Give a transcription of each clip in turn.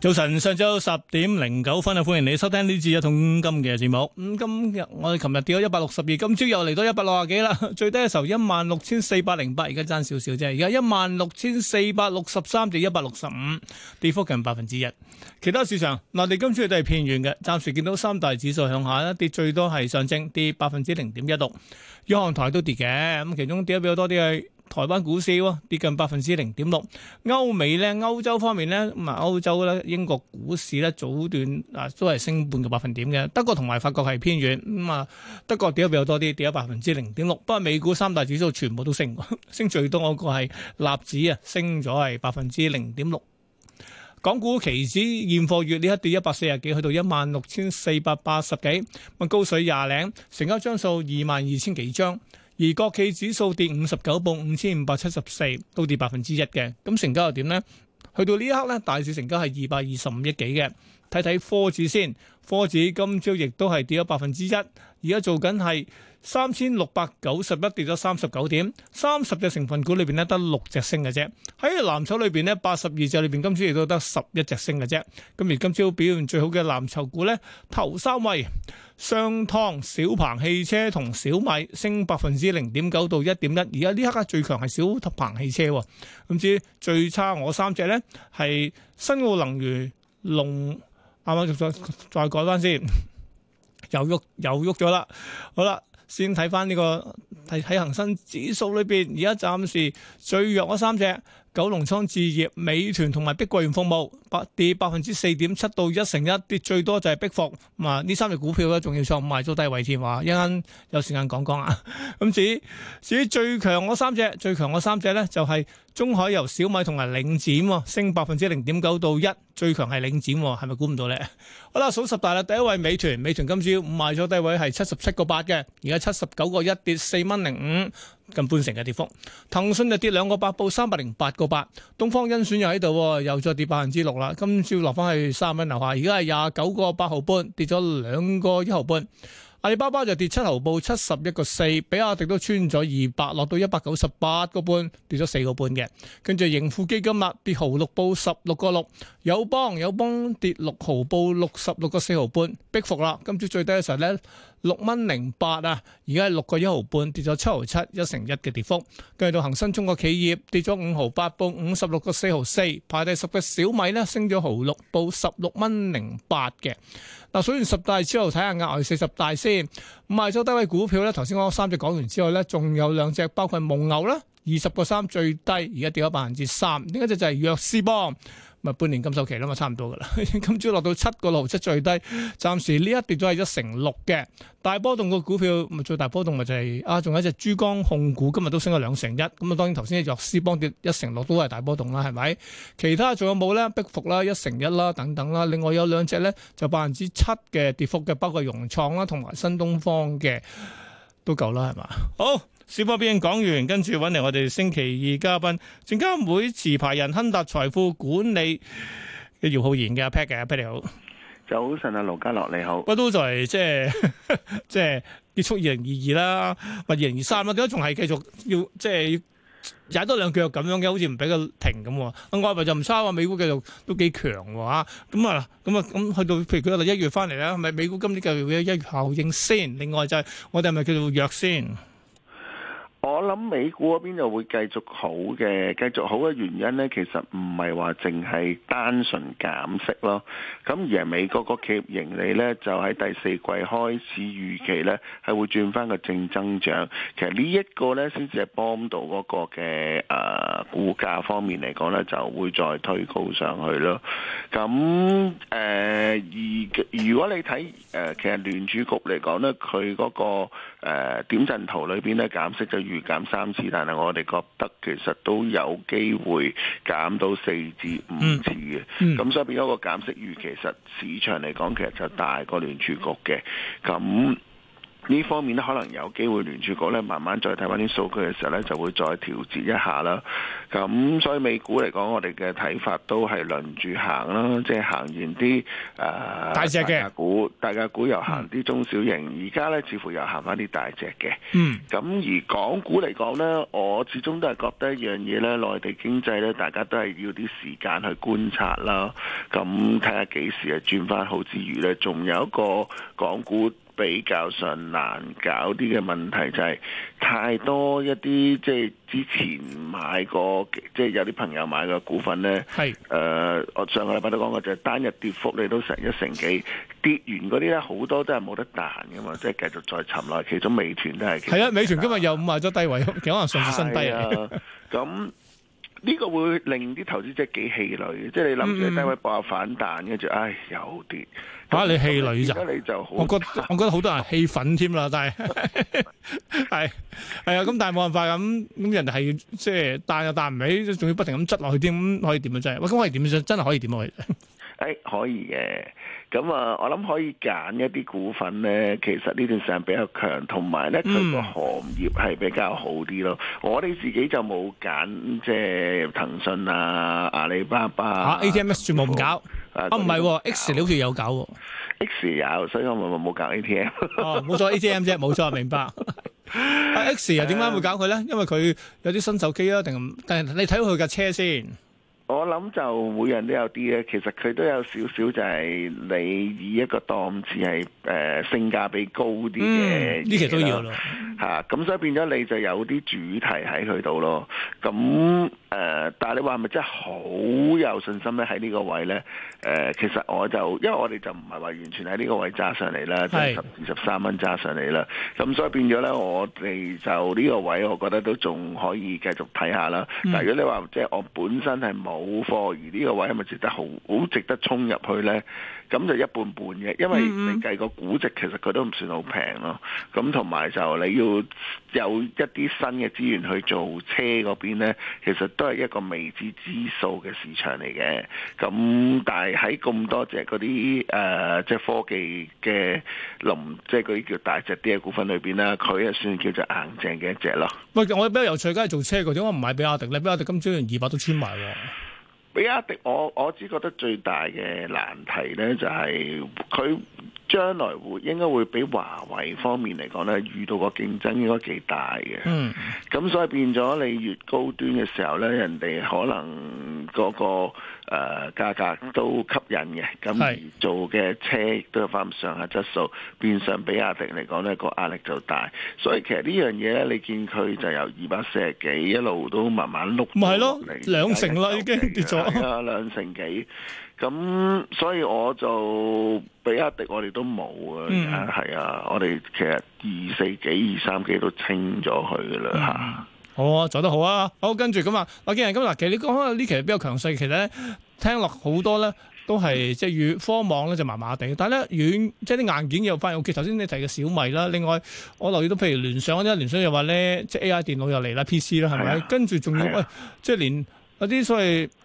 早晨，上晝十點零九分啊！歡迎你收聽呢次一桶金嘅節目。咁今日我哋琴日跌咗一百六十二，今朝又嚟到一百六十幾啦。最低嘅時候 8, 一萬六千四百零八，而家爭少少啫。而家一萬六千四百六十三至一百六十五，跌幅近百分之一。其他市場嗱，內地今朝都係偏軟嘅，暫時見到三大指數向下，一跌最多係上證，跌百分之零點一六，央行台都跌嘅。咁其中跌得比較多啲係。台灣股市喎，跌近百分之零點六，歐美咧，歐洲方面咧，咁啊歐洲咧，英國股市咧，早段嗱都係升半個百分點嘅、嗯，德國同埋法國係偏軟，咁啊，德國跌得比較多啲，跌咗百分之零點六。不過美股三大指數全部都升， 升最多嗰個係納指啊，升咗係百分之零點六。港股期指現貨月呢，一跌一百四十幾，去到一萬六千四百八十幾，咁高水廿零，成交張數二萬二千幾張。而國企指數跌五十九，報五千五百七十四，都跌百分之一嘅。咁成交又點呢？去到呢一刻咧，大市成交係二百二十五億幾嘅。睇睇科指先，科指今朝亦都係跌咗百分之一，而家做緊係。三千六百九十一跌咗三十九點，三十隻成分股裏邊咧得六隻升嘅啫。喺藍籌裏邊咧，八十二隻裏邊今朝亦都得十一隻升嘅啫。咁而今朝表現最好嘅藍籌股咧，頭三位，商湯、小鵬汽車同小米，升百分之零點九到一點一。而家呢刻最強係小鵬汽車，咁至最差我三隻咧係新奧能源、龍，啱啱再再改翻先，又喐又喐咗啦。好啦。先睇翻呢個睇喺恒生指數裏邊，而家暫時最弱嗰三隻。九龍倉置業、美團同埋碧桂園服務，百跌百分之四點七到一成一，跌最多就係碧服。咁啊，呢三隻股票咧仲要再賣咗低位添，話一陣有時間講講啊。咁至於至於最強嗰三隻，最強嗰三隻咧就係中海油、小米同埋領展，升百分之零點九到一，最強係領展，係咪估唔到咧？好啦，數十大啦，第一位美團，美團今朝賣咗低位係七十七個八嘅，而家七十九個一跌四蚊零五。近半成嘅跌幅，騰訊就跌兩個八，報三百零八個八，東方甄選又喺度，又再跌百分之六啦，今朝落翻去三蚊樓下，而家係廿九個八毫半，跌咗兩個一毫半。阿里巴巴就跌七毫報，七十一個四，比亞迪都穿咗二百，落到一百九十八個半，跌咗四個半嘅。跟住盈富基金啊，跌毫六報，十六個六。友邦友邦跌六毫報，六十六個四毫半，逼伏啦。今朝最低嘅時候咧。六蚊零八啊！而家係六個一毫半，跌咗七毫七，一成一嘅跌幅。跟住到恒生中國企業跌咗五毫八，報五十六個四毫四，排第十嘅小米咧升咗毫六，報十六蚊零八嘅。嗱，數完十大之後，睇下額外四十大先。咁賣咗低位股票咧，頭先嗰三隻講完之後咧，仲有兩隻，包括蒙牛啦，二十個三最低，而家跌咗百分之三。另一隻就係藥師幫。咪半年金售期啦，嘛差唔多噶啦。今朝落到七個六即最低，暫時呢一跌都係一成六嘅大波動個股票，咪最大波動咪就係、是、啊，仲有一隻珠江控股，今日都升咗兩成一。咁啊，當然頭先藥師幫跌一成六都係大波動啦，係咪？其他仲有冇咧？逼幅啦，一成一啦，等等啦。另外有兩隻咧，就百分之七嘅跌幅嘅，包括融創啦，同埋新東方嘅都夠啦，係嘛？好。小波邊講完，跟住，揾嚟我哋星期二嘉賓證監會持牌人亨達財富管理嘅姚浩然嘅阿 Pat 嘅阿 Pat 你好，早晨啊。盧家樂你好，我都在即係即係結束二零二二啦，或二零二三啦，點解仲係繼續要即係、就是、踩多兩腳咁樣嘅？好似唔俾佢停咁。外圍就唔差啊，美股繼續都幾強吓咁啊，咁啊，咁去到譬如佢喺度一月翻嚟啦，係咪美股今年繼續會有一月效應先？另外就係我哋係咪叫做弱先？我諗美股嗰邊就會繼續好嘅，繼續好嘅原因呢，其實唔係話淨係單純減息咯。咁而係美國嗰企業盈利呢，就喺第四季開始預期呢，係會轉翻個正增長。其實呢一個呢，先至係幫到嗰個嘅誒、啊、股價方面嚟講呢，就會再推高上去咯。咁、啊、誒，如如果你睇誒、啊，其實聯儲局嚟講呢，佢嗰、嗰個。誒、呃、點陣圖裏邊咧，減息就預減三次，但係我哋覺得其實都有機會減到四至五次嘅。咁、嗯、所以變咗個減息預期其實市場嚟講，其實就大過聯儲局嘅。咁呢方面咧，可能有機會聯儲局咧，慢慢再睇翻啲數據嘅時候咧，就會再調節一下啦。咁所以美股嚟講，我哋嘅睇法都係輪住行啦，即係行完啲誒、呃、大隻嘅股，大價股又行啲中小型，而家咧似乎又行翻啲大隻嘅。嗯。咁而港股嚟講咧，我始終都係覺得一樣嘢咧，內地經濟咧，大家都係要啲時間去觀察啦。咁睇下幾時係轉翻好之餘咧，仲有一個港股。比較上難搞啲嘅問題就係、是、太多一啲即係之前買過，即係有啲朋友買過股份咧，係誒是、呃，我上個禮拜都講過，就係單日跌幅你都成一成幾，跌完嗰啲咧好多都係冇得彈嘅嘛，即係繼續再沉落去。其中美團都係，係啊，美團今日又賣咗低位，幾可能上新低啊咁。 呢個會令啲投資者幾氣餒，即係你諗住低位博下反彈，跟住唉，有啲嚇、啊、時你氣餒咋？而家你就好，我覺得我覺得好多人氣憤添啦，但係係係啊，咁 但係冇辦法咁，咁人哋係即係彈又彈唔起，仲要不停咁執落去添，可以點啊？真係喂，咁可以點先？真係可以點落去？ 誒，可以嘅，咁啊，我諗可以揀一啲股份咧。其實呢段時間比較強，同埋咧佢個行業係比較好啲咯。我哋自己就冇揀，即係騰訊啊、阿里巴巴。A T M X 全部唔搞，啊，唔係，X 你好似有搞喎，X 有，所以我咪冇冇搞 A T M。冇錯 A T M 啫，冇錯，明白。X 又點解會搞佢咧？因為佢有啲新手機啊，定，但係你睇下佢架車先。我諗就每樣都有啲咧，其實佢都有少少就係你以一個檔次係誒性價比高啲嘅，呢啲、嗯、都要咯，吓咁、啊、所以變咗你就有啲主題喺佢度咯，咁。誒、呃，但係你話係咪真係好有信心咧？喺呢個位咧，誒、呃，其實我就因為我哋就唔係話完全喺呢個位揸上嚟啦，即係十二十三蚊揸上嚟啦。咁所以變咗咧，我哋就呢個位，我覺得都仲可以繼續睇下啦。但係如果你話即係我本身係冇貨，而呢個位係咪值得好，好值得衝入去咧？咁就一半半嘅，因為你計個估值其實佢都唔算好平咯。咁同埋就你要。有一啲新嘅資源去做車嗰邊咧，其實都係一個未知之數嘅市場嚟嘅。咁但係喺咁多隻嗰啲誒，即係科技嘅林，即係嗰啲叫大隻啲嘅股份裏邊啦，佢就算叫做硬淨嘅一隻咯。喂，我比較有趣，梗係做車個，點解唔買比亞迪咧？比亞迪今朝二百都穿埋喎。比亞迪我，我我只覺得最大嘅難題咧就係、是、佢。將來會應該會比華為方面嚟講咧，遇到個競爭應該幾大嘅。嗯，咁所以變咗你越高端嘅時候咧，人哋可能嗰、嗰個誒、呃、價格都吸引嘅，咁而做嘅車都有翻唔上下質素，變相比亞迪嚟講咧個壓力就大。所以其實呢樣嘢咧，你見佢就由二百四十幾一路都慢慢碌，咪係咯，兩成啦已經跌咗，兩成幾。咁所以我就比亞迪我哋都冇啊，係啊，我哋其實二四幾二三幾都清咗佢噶啦。好、啊，做得好啊！好，跟住咁啊，阿見啊，咁嗱，其實你講啊，呢、啊、期比較強勢，其實咧聽落好多咧都係即係遠科網咧就麻麻地，但係咧遠即係啲硬件又翻。尤其頭先你提嘅小米啦，另外我留意到譬如聯想嗰啲，聯想又話咧即係 A I 電腦又嚟啦，P C 啦係咪？跟住仲要喂，即係、哎、連嗰啲所謂。的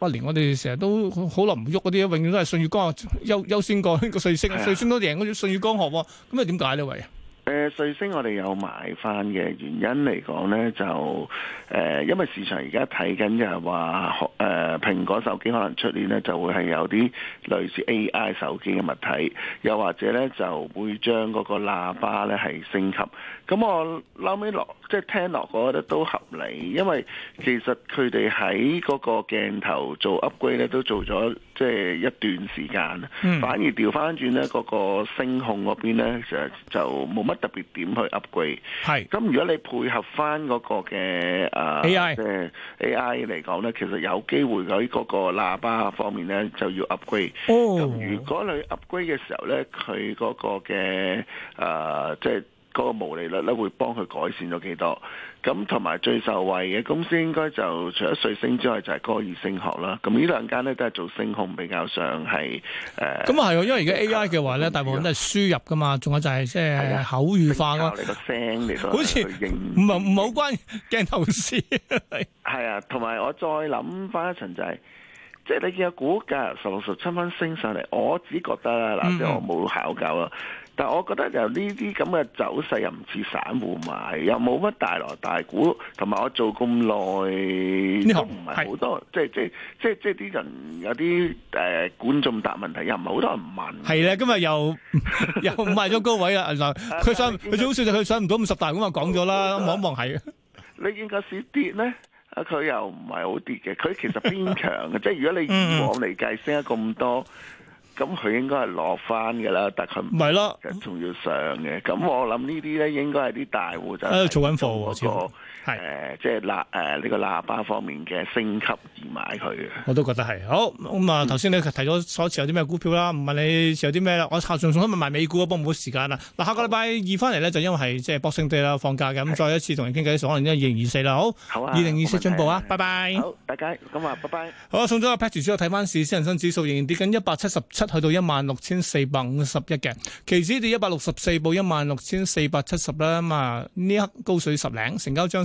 哇！連我哋成日都好耐唔喐嗰啲，永遠都係舜宇光學優優先過呢個瑞聲，瑞聲都贏過舜宇光學，咁啊點解呢喂。誒、呃、瑞聲我哋有買翻嘅原因嚟講咧，就誒、呃、因為市場而家睇緊就係話誒蘋果手機可能出年咧就會係有啲類似 AI 手機嘅物體，又或者咧就會將嗰個喇叭咧係升級。咁我撈尾落即係聽落覺得都合理，因為其實佢哋喺嗰個鏡頭做 upgrade 咧都做咗。即係一段時間，嗯、反而調翻轉咧，嗰、那個聲控嗰邊咧就就冇乜特別點去 upgrade 是。係咁，如果你配合翻嗰個嘅啊，即、呃、係 AI 嚟講咧，其實有機會喺嗰個喇叭方面咧就要 upgrade。哦，咁如果你 upgrade 嘅時候咧，佢嗰個嘅啊，即、呃、係。就是個毛利率咧會幫佢改善咗幾多？咁同埋最受惠嘅公司應該就除咗瑞聲之外，就係歌爾聲學啦。咁呢兩間咧都係做聲控比較上係誒。咁啊係，嗯嗯、因為而家 A I 嘅話咧，嗯嗯、大部分都係輸入噶嘛，仲有就係即係口語化咯。你個你 好似唔唔好關鏡頭事。係 啊，同埋我再諗翻一層就係、是，即係你見個股價十六十七蚊升上嚟，我只覺得啦，嗱，即我冇考究啦。嗯但我覺得就呢啲咁嘅走勢又唔似散戶賣，又冇乜大鑼大鼓，同埋我做咁耐呢都唔係好多，這是 即係是即係即係即係啲人有啲誒觀眾答問題又唔係好多人問。係啦，今日又又賣咗高位啦，佢 上佢最好笑就佢上唔到五十大股嘛，講咗啦，望一望係。你見個市跌咧，啊佢又唔係好跌嘅，佢其實偏強嘅， 即係如果你以往嚟計升咗咁多。咁佢應該係攞翻㗎啦，但佢唔係咯，仲要上嘅。咁我諗呢啲咧應該係啲大戶就做緊貨喎。係誒是、呃，即係喇誒，呢、呃這個喇叭方面嘅升級而買佢我都覺得係。好咁啊，頭先、嗯、你提咗所持有啲咩股票啦，唔問你持有啲咩啦。我下上仲想問埋美股啊，幫唔好時間啊。嗱，下個禮拜二翻嚟咧，就因為係即係博升地啦，放假嘅，咁是再一次同你傾偈，可能一二零二四啦。好，二零二四進步啊，拜拜好。Bye bye 好，大家咁啊，拜拜。Bye bye 好，送咗個 patron 之後，睇翻市先，恒生指數仍然跌緊，一百七十七去到一萬六千四百五十一嘅，期指跌一百六十四，報一萬六千四百七十啦。咁啊，呢刻高水十零，成交將。